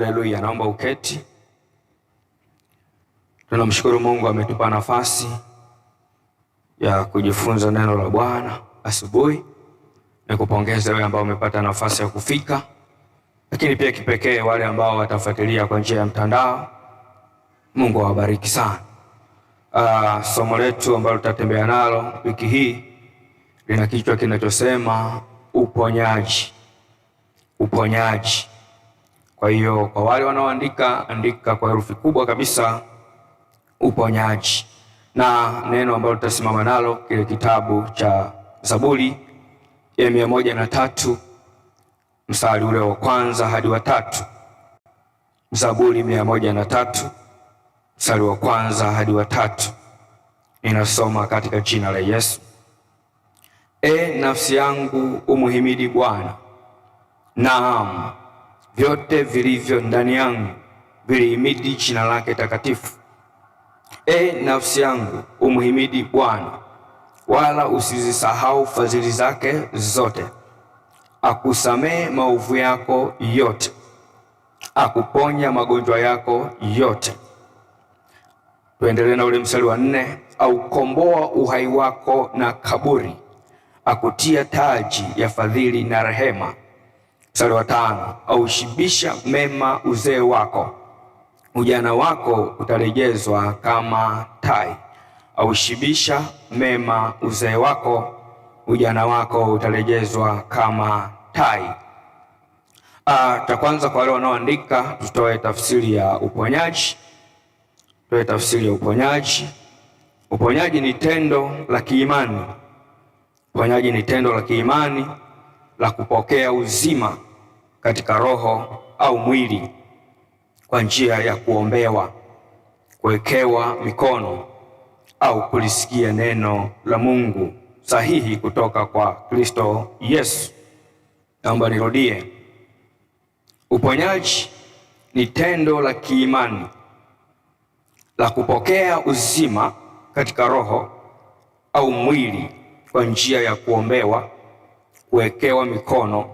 Haleluya, naomba uketi. Tunamshukuru Mungu ametupa nafasi ya kujifunza neno la Bwana asubuhi. Nikupongeze wewe ambao umepata nafasi ya kufika, lakini pia kipekee wale ambao watafuatilia kwa njia ya mtandao. Mungu awabariki sana. Uh, somo letu ambalo tutatembea nalo wiki hii lina kichwa kinachosema uponyaji. Uponyaji. Kwa hiyo kwa wale wanaoandika, andika kwa herufi kubwa kabisa uponyaji, na neno ambalo tutasimama nalo kile kitabu cha Zaburi ya mia moja na tatu mstari ule wa kwanza hadi wa tatu. Zaburi mia moja na tatu mstari wa kwanza hadi wa tatu. Ninasoma katika jina la Yesu. E nafsi yangu, umuhimidi Bwana. Naam, vyote vilivyo ndani yangu vilihimidi jina lake takatifu. E nafsi yangu, umhimidi Bwana, wala usizisahau fadhili zake zote. Akusamee maovu yako yote, akuponya magonjwa yako yote. Tuendelee na ule mstari wa nne. Aukomboa uhai wako na kaburi, akutia taji ya fadhili na rehema mstari wa tano aushibisha mema uzee wako, ujana wako utarejezwa kama tai. Aushibisha mema uzee wako, ujana wako utarejezwa kama tai. Ah, cha kwanza kwa wale wanaoandika, tutoe tafsiri ya uponyaji. Tutoe tafsiri ya uponyaji. Uponyaji ni tendo la kiimani. Uponyaji ni tendo la kiimani la kupokea uzima katika roho au mwili kwa njia ya kuombewa, kuwekewa mikono au kulisikia neno la Mungu sahihi kutoka kwa Kristo Yesu. Naomba nirudie. Uponyaji ni tendo la kiimani la kupokea uzima katika roho au mwili kwa njia ya kuombewa kuwekewa mikono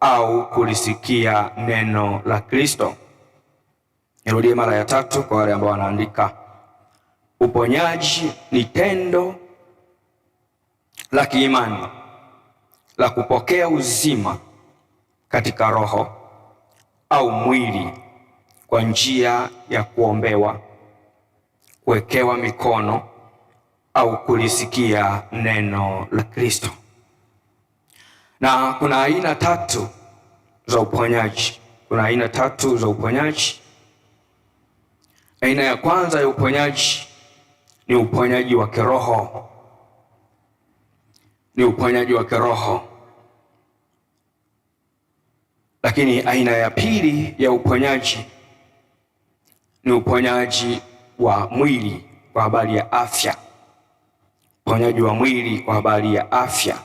au kulisikia neno la Kristo. Nirudie mara ya tatu kwa wale ambao wanaandika. Uponyaji ni tendo la kiimani la kupokea uzima katika roho au mwili kwa njia ya kuombewa, kuwekewa mikono au kulisikia neno la Kristo. Na kuna aina tatu za uponyaji, kuna aina tatu za uponyaji. Aina ya kwanza ya uponyaji ni uponyaji wa kiroho, ni uponyaji wa kiroho. Lakini aina ya pili ya uponyaji ni uponyaji wa mwili kwa habari ya afya, uponyaji wa mwili kwa habari ya afya.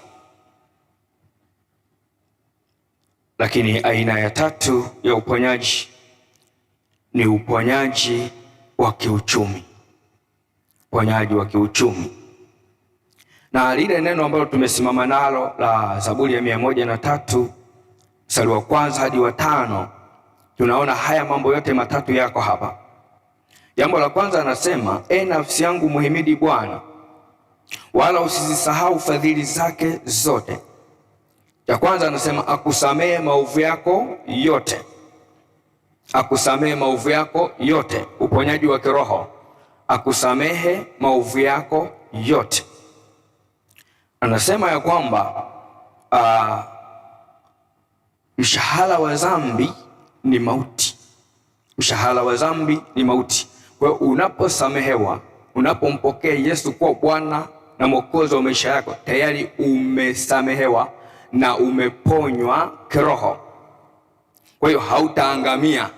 Lakini aina ya tatu ya uponyaji ni uponyaji wa kiuchumi, uponyaji wa kiuchumi. Na lile neno ambalo tumesimama nalo la Zaburi ya mia moja na tatu mstari wa kwanza hadi wa tano tunaona haya mambo yote matatu yako hapa. Jambo la kwanza anasema, e nafsi yangu muhimidi Bwana, wala usizisahau fadhili zake zote cha kwanza anasema akusamehe maovu yako yote, akusamehe maovu yako yote, uponyaji wa kiroho, akusamehe maovu yako yote. Anasema ya kwamba aa, ah, mshahara wa dhambi ni mauti, mshahara wa dhambi ni mauti. Kwa hiyo unaposamehewa, unapompokea Yesu kuwa Bwana na Mwokozi wa maisha yako, tayari umesamehewa na umeponywa kiroho. Kwa hiyo hautaangamia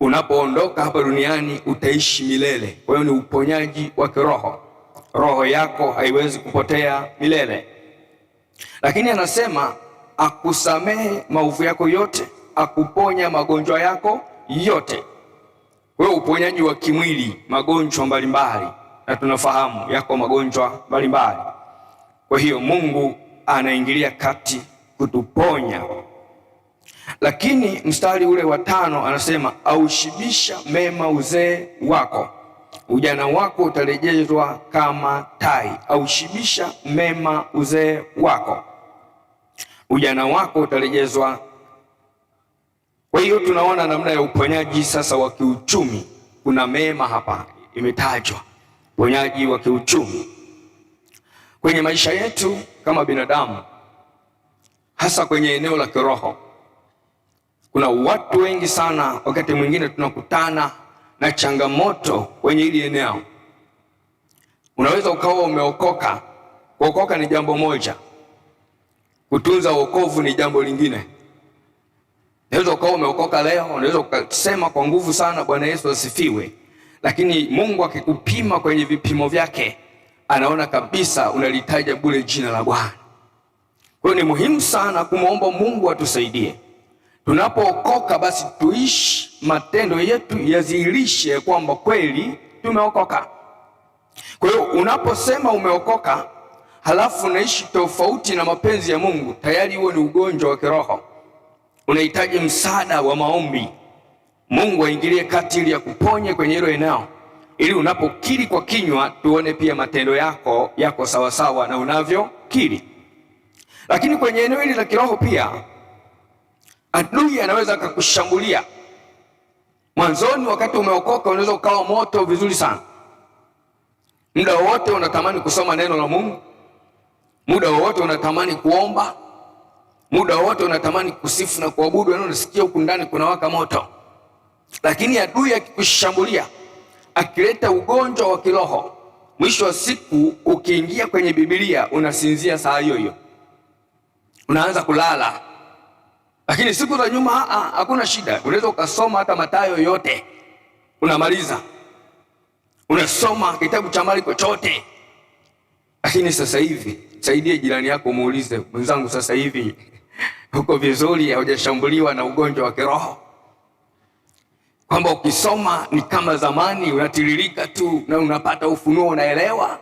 unapoondoka hapa duniani, utaishi milele. Kwa hiyo ni uponyaji wa kiroho, roho yako haiwezi kupotea milele. Lakini anasema akusamehe maovu yako yote, akuponya magonjwa yako yote. Kwa hiyo uponyaji wa kimwili, magonjwa mbalimbali, na tunafahamu yako magonjwa mbalimbali. Kwa hiyo Mungu anaingilia kati kutuponya. Lakini mstari ule wa tano anasema aushibisha mema uzee wako, ujana wako utarejezwa kama tai. Aushibisha mema uzee wako, ujana wako utarejezwa. Kwa hiyo tunaona namna ya uponyaji sasa wa kiuchumi. Kuna mema hapa imetajwa, uponyaji wa kiuchumi kwenye maisha yetu kama binadamu, hasa kwenye eneo la kiroho. Kuna watu wengi sana, wakati mwingine tunakutana na changamoto kwenye hili eneo. Unaweza ukawa umeokoka. Kuokoka ni jambo moja, kutunza wokovu ni jambo lingine. Unaweza ukawa umeokoka leo, unaweza ukasema kwa nguvu sana, Bwana Yesu asifiwe, lakini Mungu akikupima kwenye vipimo vyake anaona kabisa unalitaja bure jina la Bwana. Kwa hiyo ni muhimu sana kumwomba Mungu atusaidie tunapookoka, basi tuishi, matendo yetu yadhihirishe kwamba kweli tumeokoka. Kwa hiyo unaposema umeokoka halafu unaishi tofauti na mapenzi ya Mungu, tayari huo ni ugonjwa wa kiroho, unahitaji msaada wa maombi. Mungu aingilie kati ili akuponye kwenye hilo eneo ili unapokiri kwa kinywa tuone pia matendo yako yako sawasawa na unavyokiri. Lakini kwenye eneo hili la kiroho pia adui anaweza akakushambulia. Mwanzoni wakati umeokoka, unaweza ukawa moto vizuri sana, muda wowote unatamani kusoma neno la Mungu, muda wowote unatamani kuomba, muda wowote unatamani kusifu na kuabudu, yaani unasikia huku ndani kuna waka moto, lakini adui akikushambulia akileta ugonjwa wa kiroho, mwisho wa siku ukiingia kwenye Biblia unasinzia saa hiyo hiyo, unaanza kulala. Lakini siku za nyuma hakuna shida, unaweza ukasoma hata Mathayo yote unamaliza, unasoma kitabu cha Marko chote. Lakini sasa hivi, saidie jirani yako muulize, mwenzangu, sasa hivi uko vizuri? Haujashambuliwa na ugonjwa wa kiroho? kwamba ukisoma ni kama zamani unatiririka tu na unapata ufunuo, unaelewa.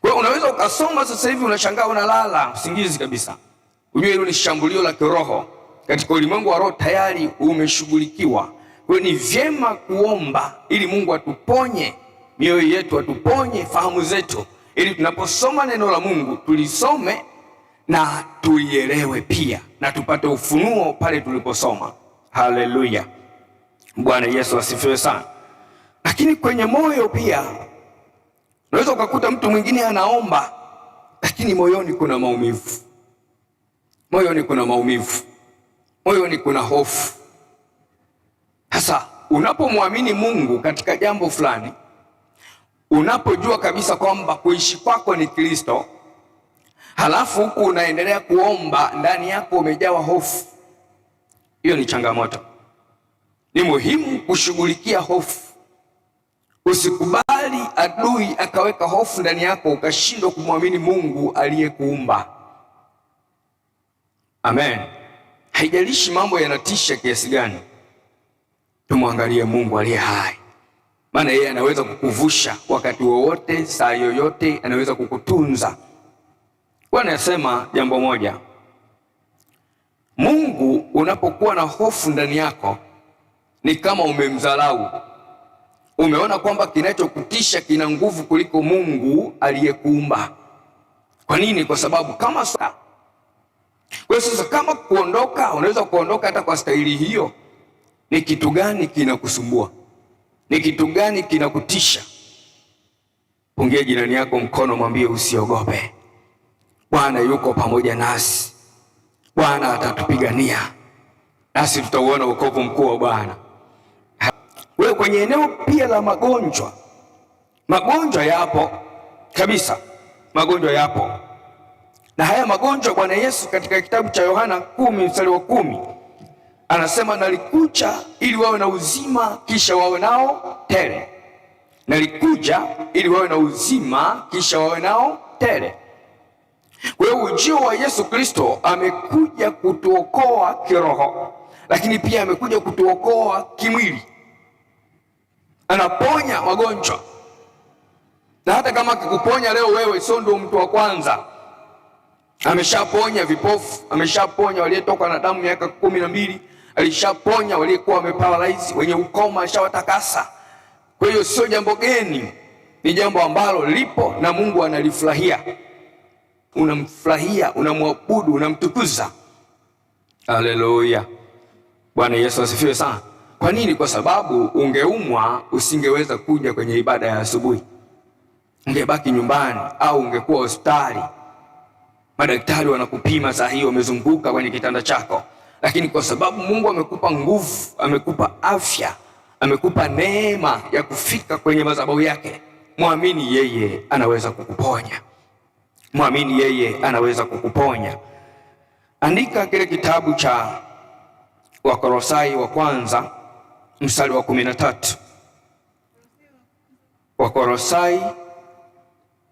Kwa hiyo unaweza ukasoma sasa hivi unashangaa, unalala usingizi kabisa, ujue hilo ni shambulio la kiroho katika ulimwengu wa roho, tayari umeshughulikiwa. Kwa hiyo ni vyema kuomba ili Mungu atuponye mioyo yetu, atuponye fahamu zetu, ili tunaposoma neno la Mungu tulisome na tuielewe pia na tupate ufunuo pale tuliposoma. Haleluya! Bwana Yesu asifiwe sana. Lakini kwenye moyo pia unaweza ukakuta mtu mwingine anaomba, lakini moyoni kuna maumivu, moyoni kuna maumivu, moyoni kuna hofu. Sasa unapomwamini Mungu katika jambo fulani, unapojua kabisa kwamba kuishi kwako ni Kristo, halafu huku unaendelea kuomba, ndani yako umejawa hofu, hiyo ni changamoto. Ni muhimu kushughulikia hofu. Usikubali adui akaweka hofu ndani yako ukashindwa kumwamini Mungu aliyekuumba. Amen. Haijalishi mambo yanatisha kiasi gani, tumwangalie Mungu aliye hai, maana yeye anaweza kukuvusha wakati wowote, saa yoyote, anaweza kukutunza. Bwana anasema jambo moja, Mungu unapokuwa na hofu ndani yako ni kama umemdharau. Umeona kwamba kinachokutisha kina nguvu kuliko Mungu aliyekuumba. Kwa nini? Kwa sababu kama soka. Kwa sasa, kama kuondoka, unaweza kuondoka hata kwa staili hiyo. Ni kitu gani kinakusumbua? Ni kitu gani kinakutisha? Pungia jirani yako mkono, mwambie usiogope, Bwana yuko pamoja nasi, Bwana atatupigania nasi tutauona wokovu mkuu wa Bwana wewe kwenye eneo pia la magonjwa, magonjwa yapo kabisa, magonjwa yapo na haya magonjwa Bwana Yesu katika kitabu cha Yohana kumi mstari wa kumi anasema nalikuja ili wawe na uzima kisha wawe nao tele. Nalikuja ili wawe na uzima kisha wawe nao tele. Kwa hiyo ujio wa Yesu Kristo amekuja kutuokoa kiroho, lakini pia amekuja kutuokoa kimwili anaponya wagonjwa, na hata kama akikuponya leo wewe sio ndio mtu wa kwanza. Ameshaponya vipofu, ameshaponya waliyetoka na damu miaka kumi na mbili, alishaponya waliyekuwa wameparalaizi, wenye ukoma ashawatakasa. Kwa hiyo sio jambo geni, ni jambo ambalo lipo na Mungu analifurahia. Unamfurahia, unamwabudu, unamtukuza. Haleluya! Bwana Yesu asifiwe sana. Kwa nini? Kwa sababu ungeumwa usingeweza kuja kwenye ibada ya asubuhi, ungebaki nyumbani au ungekuwa hospitali. Madaktari wanakupima saa hii, wamezunguka kwenye kitanda chako, lakini kwa sababu Mungu amekupa nguvu, amekupa afya, amekupa neema ya kufika kwenye madhabahu yake, mwamini yeye anaweza kukuponya, mwamini yeye anaweza kukuponya. Andika kile kitabu cha Wakolosai wa kwanza mstari wa kumi na tatu wakorosai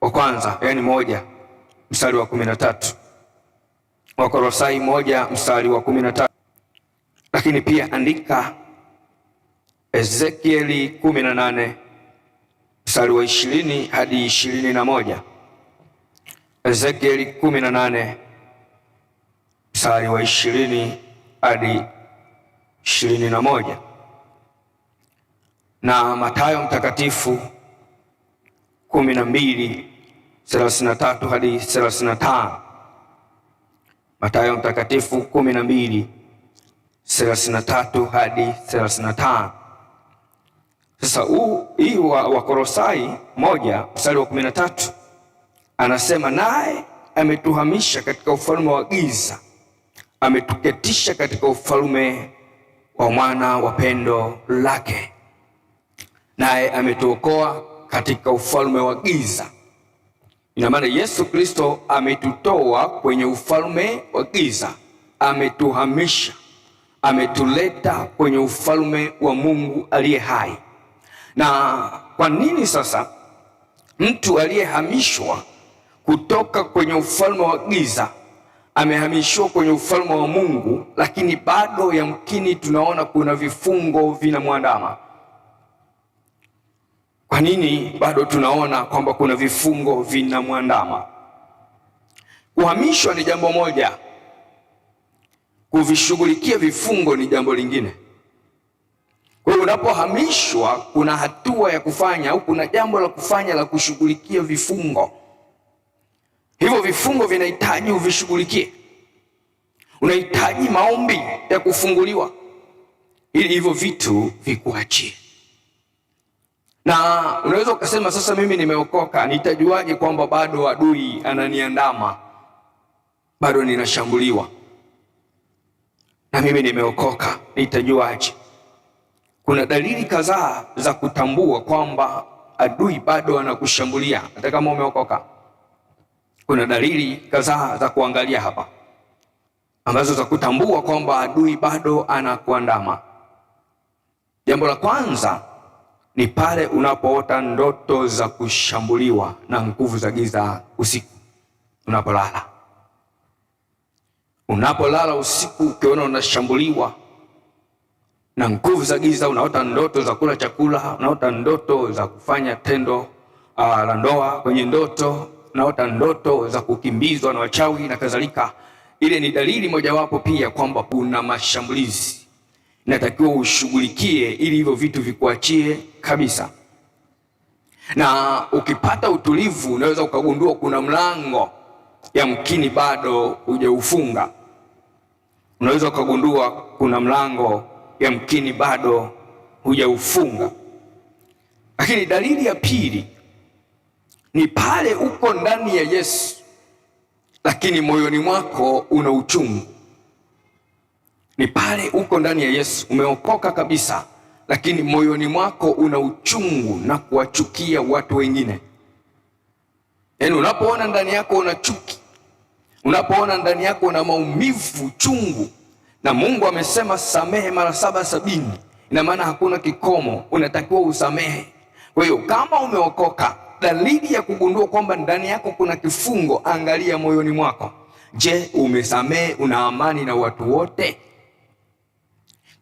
wa kwanza, yani moja mstari wa kumi na tatu wakorosai moja mstari wa kumi na tatu Lakini pia andika Ezekieli kumi na nane mstari wa ishirini hadi ishirini na moja Ezekieli kumi na nane mstari wa ishirini hadi ishirini na moja na Mathayo mtakatifu 12:33 hadi 35. Mathayo mtakatifu 12:33 hadi 35. Sasa huu hii wa Wakolosai moja mstari wa 13 anasema naye ametuhamisha katika ufalme wa giza, ametuketisha katika ufalme wa mwana wa pendo lake naye ametuokoa katika ufalme wa giza. Ina maana Yesu Kristo ametutoa kwenye ufalme wa giza, ametuhamisha, ametuleta kwenye ufalme wa Mungu aliye hai. Na kwa nini sasa mtu aliyehamishwa kutoka kwenye ufalme wa giza amehamishwa kwenye ufalme wa Mungu, lakini bado yamkini tunaona kuna vifungo vinamwandama? Kwa nini bado tunaona kwamba kuna vifungo vinamwandama? Kuhamishwa ni jambo moja, kuvishughulikia vifungo ni jambo lingine. Kwa hiyo unapohamishwa, kuna hatua ya kufanya au kuna jambo la kufanya la kushughulikia vifungo. Hivyo vifungo vinahitaji uvishughulikie, unahitaji maombi ya kufunguliwa ili hivyo vitu vikuachie. Na unaweza ukasema sasa, mimi nimeokoka, nitajuaje kwamba bado adui ananiandama, bado ninashambuliwa? Na mimi nimeokoka, nitajuaje? Kuna dalili kadhaa za kutambua kwamba adui bado anakushambulia hata kama umeokoka. Kuna dalili kadhaa za kuangalia hapa ambazo za kutambua kwamba adui bado anakuandama. Jambo la kwanza ni pale unapoota ndoto za kushambuliwa na nguvu za giza usiku unapolala. Unapolala usiku ukiona unashambuliwa na nguvu za giza, unaota ndoto za kula chakula, unaota ndoto za kufanya tendo ah, la ndoa kwenye ndoto, unaota ndoto za kukimbizwa na wachawi na kadhalika, ile ni dalili mojawapo pia kwamba kuna mashambulizi natakiwa ushughulikie ili hivyo vitu vikuachie kabisa. Na ukipata utulivu, unaweza ukagundua kuna mlango yamkini bado hujaufunga. Unaweza ukagundua kuna mlango yamkini bado hujaufunga. Lakini dalili ya pili ni pale uko ndani ya Yesu, lakini moyoni mwako una uchungu ni pale uko ndani ya Yesu, umeokoka kabisa, lakini moyoni mwako una uchungu na kuwachukia watu wengine. Yaani, unapoona ndani yako una chuki, unapoona ndani yako una maumivu chungu, na Mungu amesema samehe mara saba sabini, ina maana hakuna kikomo, unatakiwa usamehe. Kwa hiyo kama umeokoka, dalili ya kugundua kwamba ndani yako kuna kifungo, angalia moyoni mwako. Je, umesamehe? Una amani na watu wote?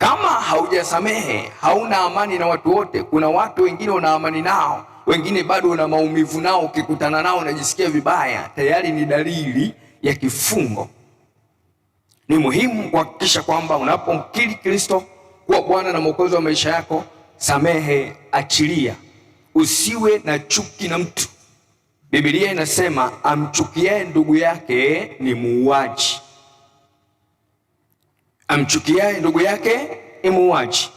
Kama haujasamehe hauna amani na watu wote. Kuna watu wengine una amani nao, wengine bado una maumivu nao, ukikutana nao unajisikia vibaya. Tayari ni dalili ya kifungo. Ni muhimu kuhakikisha kwamba unapomkiri Kristo kuwa Bwana na Mwokozi wa maisha yako, samehe, achilia, usiwe na chuki na mtu. Biblia inasema amchukiaye ndugu yake ni muuaji amchukiaye ndugu yake ni muuaji.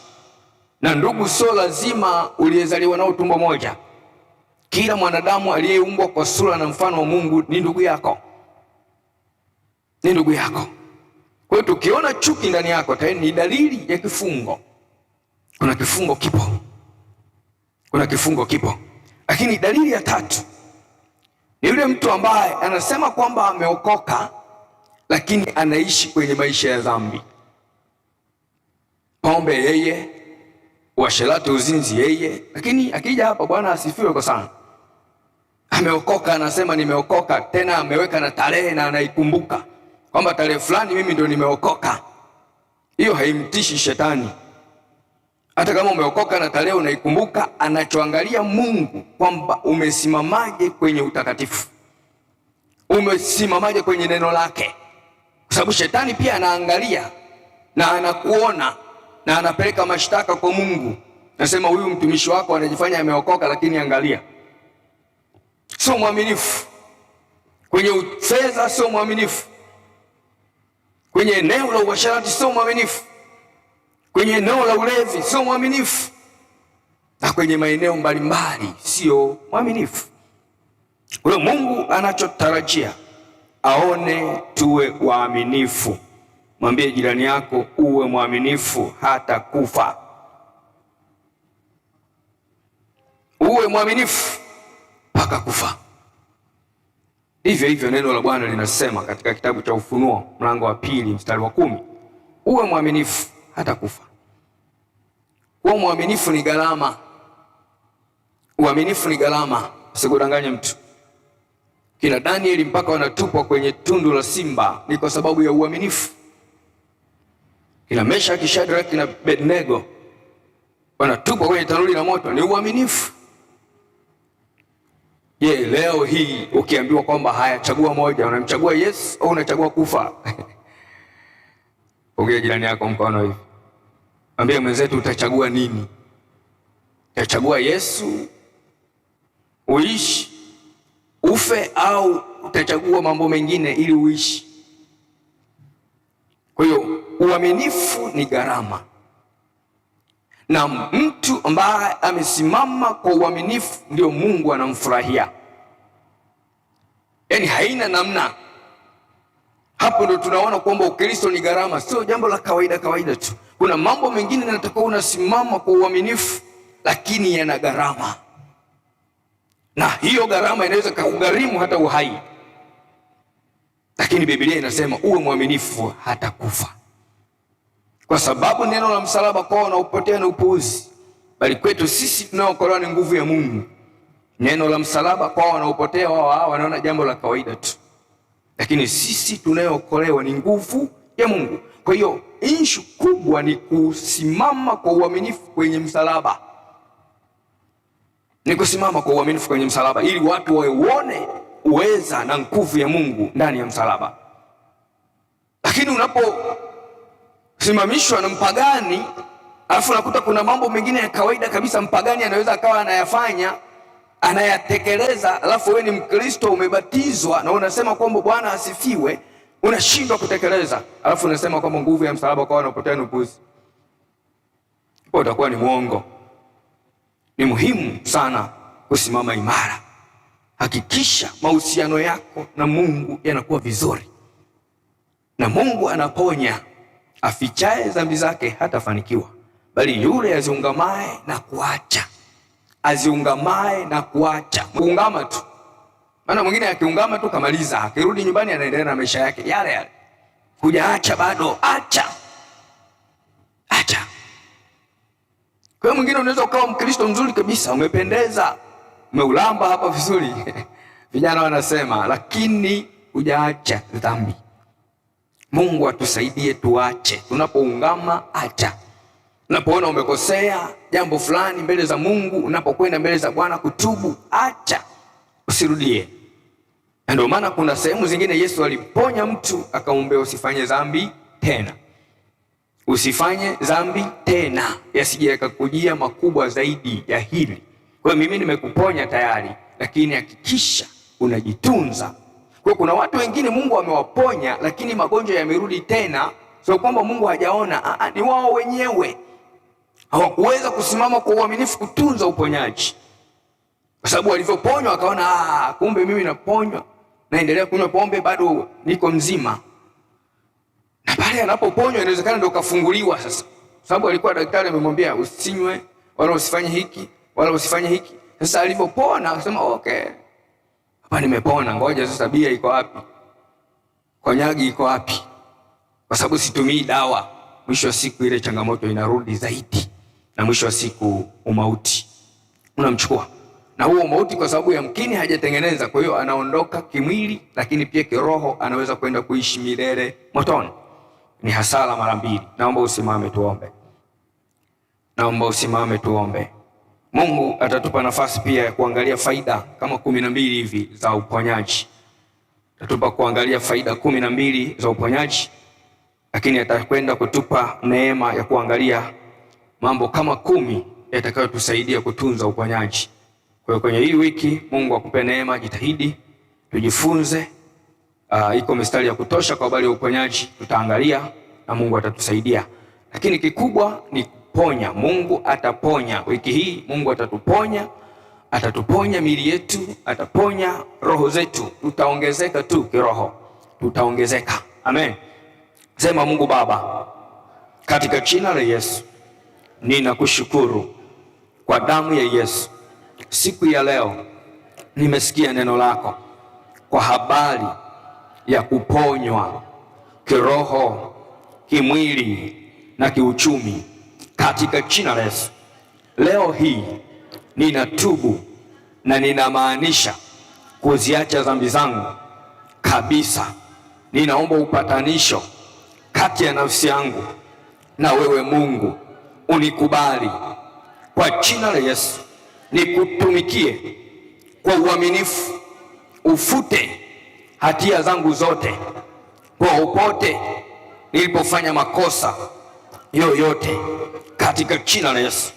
Na ndugu sio lazima uliyezaliwa nao tumbo moja. Kila mwanadamu aliyeumbwa kwa sura na mfano wa Mungu ni ndugu yako, ni ndugu yako. Kwa hiyo tukiona chuki ndani yako tayari ni dalili ya kifungo. Kuna kifungo kipo, kuna kifungo kipo. Lakini dalili ya tatu ni yule mtu ambaye anasema kwamba ameokoka, lakini anaishi kwenye maisha ya dhambi ng'ombe yeye, uasherati, uzinzi yeye, lakini akija hapa, Bwana asifiwe kwa sana, ameokoka, anasema nimeokoka, tena ameweka na tarehe na anaikumbuka kwamba tarehe fulani mimi ndio nimeokoka. Hiyo haimtishi shetani. Hata kama umeokoka na tarehe unaikumbuka, anachoangalia Mungu kwamba umesimamaje kwenye utakatifu, umesimamaje kwenye neno lake, kwa sababu shetani pia anaangalia na anakuona na anapeleka mashtaka kwa Mungu, nasema huyu mtumishi wako anajifanya ameokoka, lakini angalia, sio mwaminifu kwenye fedha, sio mwaminifu kwenye eneo la uasherati, sio mwaminifu kwenye eneo la ulevi, sio mwaminifu na kwenye maeneo mbalimbali, sio mwaminifu. Kwa hiyo Mungu anachotarajia aone tuwe waaminifu. Mwambie jirani yako uwe mwaminifu hata kufa. Uwe mwaminifu mpaka kufa. Hivyo hivyo neno la Bwana linasema katika kitabu cha Ufunuo mlango wa pili mstari wa kumi uwe mwaminifu hata kufa. Kuwa mwaminifu ni gharama. Uaminifu ni gharama, usikudanganye mtu. Kina Danieli mpaka wanatupwa kwenye tundu la simba ni kwa sababu ya uaminifu kina Meshaki, Shadraki na Abednego wanatupwa kwenye tanuri la moto, ni uaminifu. Je, leo hii ukiambiwa kwamba haya, chagua moja, unamchagua Yesu au unachagua kufa? Ongea jirani yako mkono hivi, mwambie mwenzetu, utachagua nini? Utachagua Yesu uishi ufe, au utachagua mambo mengine ili uishi? Kwa hiyo uaminifu ni gharama, na mtu ambaye amesimama kwa uaminifu ndio Mungu anamfurahia. Yaani haina namna. Hapo ndo tunaona kwamba Ukristo ni gharama, sio jambo la kawaida kawaida tu. Kuna mambo mengine yanatakiwa unasimama kwa uaminifu, lakini yana gharama, na hiyo gharama inaweza kukugharimu hata uhai. Lakini Biblia inasema uwe mwaminifu hata kufa, kwa sababu neno la msalaba kwao wanaupotea na upuuzi, bali kwetu sisi tunaokolewa ni nguvu ya Mungu. Neno la msalaba kwao wanaopotea wao hao wanaona jambo la kawaida tu, lakini sisi tunayookolewa ni nguvu ya Mungu. Kwa hiyo inshu kubwa ni kusimama kwa uaminifu kwenye msalaba, ni kusimama kwa uaminifu kwenye msalaba ili watu waone uweza na nguvu ya Mungu ndani ya msalaba. Lakini unaposimamishwa na mpagani, alafu unakuta kuna mambo mengine ya kawaida kabisa mpagani anaweza akawa anayafanya anayatekeleza, alafu wewe ni Mkristo umebatizwa na unasema kwamba Bwana asifiwe, unashindwa kutekeleza, alafu unasema kwamba nguvu ya msalaba kwa wanapotea nukuzi, utakuwa ni mwongo. Ni muhimu sana kusimama imara. Hakikisha mahusiano yako na Mungu yanakuwa vizuri, na Mungu anaponya. Afichaye dhambi zake hatafanikiwa, bali yule aziungamaye na kuacha, aziungamaye na kuacha, kuungama tu. Maana mwingine akiungama tu kamaliza, akirudi nyumbani anaendelea na maisha yake yale yale, hujaacha bado. Acha, acha. Kwa hiyo mwingine unaweza ukawa Mkristo mzuri kabisa, umependeza umeulamba hapa vizuri vijana wanasema, lakini hujaacha dhambi. Mungu atusaidie tuache, tunapoungama acha. Unapoona umekosea jambo fulani mbele za Mungu, unapokwenda mbele za Bwana kutubu, acha, usirudie. Na ndio maana kuna sehemu zingine Yesu alimponya mtu akamwambia, usifanye dhambi tena, usifanye dhambi tena, yasije yakakujia makubwa zaidi ya hili. Kwa hiyo mimi nimekuponya tayari, lakini hakikisha unajitunza. Kwa hiyo kuna watu wengine Mungu amewaponya, lakini magonjwa yamerudi tena. Sio kwamba Mungu hajaona, ah, ah, ni wao wenyewe hawakuweza kusimama kwa uaminifu kutunza uponyaji, kwa sababu walivyoponywa wakaona, ah, kumbe mimi naponywa, naendelea kunywa pombe bado niko mzima. Na pale anapoponywa inawezekana ndio kafunguliwa sasa, sababu alikuwa daktari amemwambia usinywe wala usifanye hiki wala usifanye hiki. Sasa alipopona akasema oh, okay, hapa nimepona, ngoja sasa bia iko wapi, konyagi iko wapi? Kwa sababu situmii dawa. Mwisho wa siku ile changamoto inarudi zaidi, na mwisho wa siku umauti unamchukua na huo mauti, kwa sababu yamkini hajatengeneza. Kwa hiyo anaondoka kimwili, lakini pia kiroho anaweza kwenda kuishi milele motoni. Ni hasara mara mbili. Naomba usimame tuombe, naomba usimame tuombe. Mungu atatupa nafasi pia ya kuangalia faida kama kumi na mbili hivi za uponyaji. Atatupa kuangalia faida kumi na mbili za uponyaji, lakini atakwenda kutupa neema ya kuangalia mambo kama kumi yatakayotusaidia kutunza uponyaji. Kwa hiyo kwenye hii wiki Mungu akupe neema, jitahidi tujifunze. Uh, iko mistari ya kutosha kwa habari ya uponyaji, tutaangalia na Mungu atatusaidia, lakini kikubwa ni atatuponya, Mungu ataponya. Wiki hii Mungu atatuponya, atatuponya miili yetu, ataponya roho zetu, tutaongezeka tu kiroho, tutaongezeka. Amen. Sema Mungu Baba, katika jina la Yesu ninakushukuru kwa damu ya Yesu. Siku ya leo nimesikia neno lako kwa habari ya kuponywa kiroho, kimwili na kiuchumi katika jina la Yesu. Leo hii ninatubu na ninamaanisha kuziacha dhambi zangu kabisa. Ninaomba upatanisho kati ya nafsi yangu na wewe Mungu, unikubali kwa jina la Yesu, nikutumikie kwa uaminifu, ufute hatia zangu zote kwa popote nilipofanya makosa yoyote katika jina la Yesu.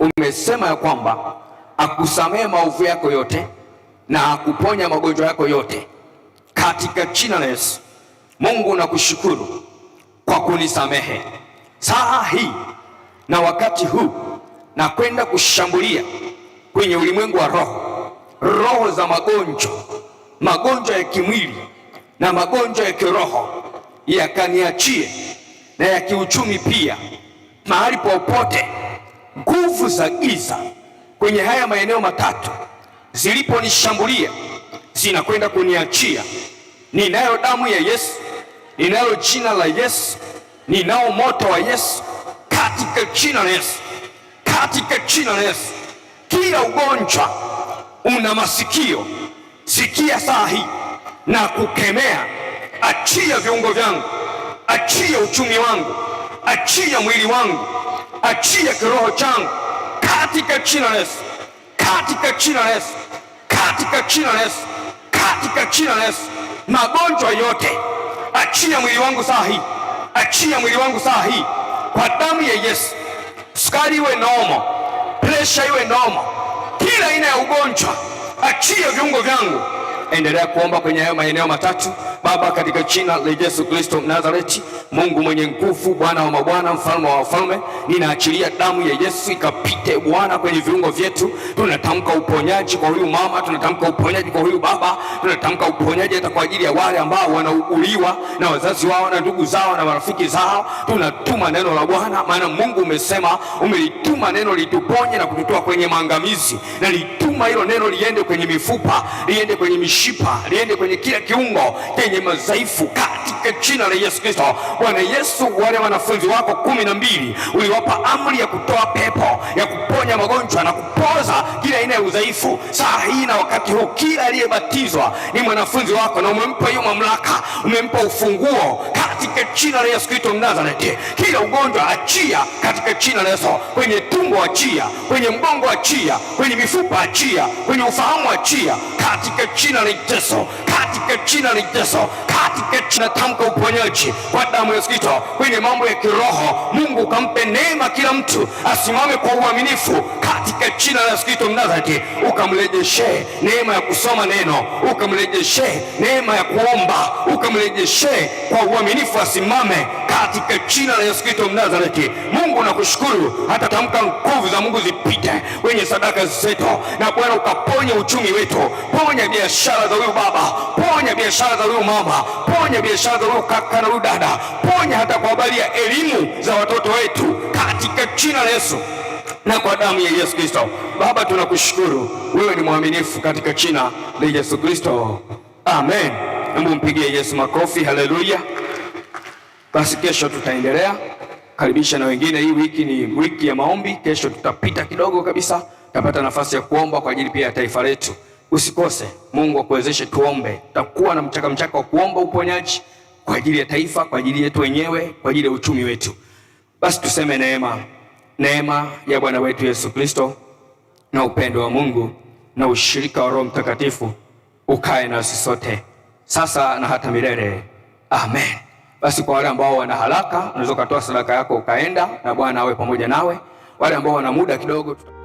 Umesema ya kwamba akusamehe maovu yako yote na akuponya magonjwa yako yote katika jina la Yesu. Mungu nakushukuru kwa kunisamehe saa hii na wakati huu, na kwenda kushambulia kwenye ulimwengu wa roho, roho za magonjwa, magonjwa ya kimwili na magonjwa ya kiroho, yakaniachie na ya kiuchumi pia. Mahali popote nguvu za giza kwenye haya maeneo matatu ziliponishambulia, zinakwenda kuniachia. Ninayo damu ya Yesu, ninayo jina la Yesu, ninao moto wa Yesu, katika jina la Yesu, katika jina la Yesu. Kila ugonjwa una masikio, sikia saa hii na kukemea, achia viungo vyangu achia uchumi wangu, achia mwili wangu, achia kiroho changu katika jina la Yesu, katika jina la Yesu, katika jina la Yesu, katika jina la Yesu. Magonjwa yote achia mwili wangu saa hii, achia mwili wangu saa hii kwa damu ya Yesu. Sukari iwe noma, presha iwe noma, kila aina ya ugonjwa achia viungo vyangu endelea kuomba kwenye hayo maeneo matatu. Baba, katika jina la Yesu Kristo Nazareti, Mungu mwenye nguvu, Bwana wa mabwana, mfalme wa wafalme, ninaachilia damu ya Yesu ikapite Bwana kwenye viungo vyetu. Tunatamka uponyaji kwa huyu mama, tunatamka uponyaji kwa huyu baba, tunatamka uponyaji hata kwa ajili ya wale ambao wanauguliwa na wazazi wao na ndugu zao na marafiki zao. Tunatuma neno la Bwana, maana Mungu umesema, umelituma neno lituponye na kututoa kwenye maangamizi, na lituma hilo neno liende kwenye mifupa, liende kwenye mishu mishipa liende kwenye kila kiungo chenye madhaifu kali katika jina la Yesu Kristo. Bwana Yesu, wale wanafunzi wako kumi na mbili uliwapa amri ya kutoa pepo, ya kuponya magonjwa na kupoza kila aina ya udhaifu. Saa hii na wakati huu, kila aliyebatizwa ni mwanafunzi wako, na umempa hiyo mamlaka, umempa ufunguo katika jina la Yesu Kristo Mnazareti. Kila ugonjwa achia katika jina la Yesu, kwenye tumbo achia, kwenye mgongo achia, kwenye mifupa achia, kwenye ufahamu achia, katika jina la Yesu. 가득히 찌는 이때서 가득히 찌는 담고 번역지 wataalamu ya zito kwenye mambo ya kiroho. Mungu kampe neema, kila mtu asimame kwa uaminifu katika jina la Yesu Mnazareti, ukamrejeshe neema ya kusoma neno, ukamrejeshe neema ya kuomba, ukamrejeshe kwa uaminifu, asimame katika jina la Yesu Kristo Mnazareti. Mungu nakushukuru, hata tamka nguvu za Mungu zipite kwenye sadaka zetu, na Bwana ukaponya uchumi wetu, ponya biashara za huyu baba, ponya biashara za huyu mama, ponya biashara za huyu kaka na huyu dada, ponya hata kwa habari ya elimu za watoto wetu katika jina la Yesu na kwa damu ya Yesu Kristo. Baba, tunakushukuru wewe ni mwaminifu katika jina la Yesu Kristo, amen. Hebu mpigie Yesu makofi, haleluya. Basi kesho tutaendelea, karibisha na wengine. Hii wiki ni wiki ya maombi, kesho tutapita kidogo kabisa, tapata nafasi ya kuomba kwa ajili pia ya taifa letu. Usikose, Mungu akuwezeshe tuombe. Tutakuwa na mchaka mchaka wa kuomba uponyaji kwa ajili ya taifa, kwa ajili yetu wenyewe, kwa ajili ya uchumi wetu. Basi tuseme neema, neema ya Bwana wetu Yesu Kristo na upendo wa Mungu na ushirika wa Roho Mtakatifu ukae nasi sote sasa na hata milele. Amen. Basi kwa wale ambao wana haraka, unaweza ukatoa sadaka yako ukaenda, na Bwana awe pamoja nawe. Wale ambao wana muda kidogo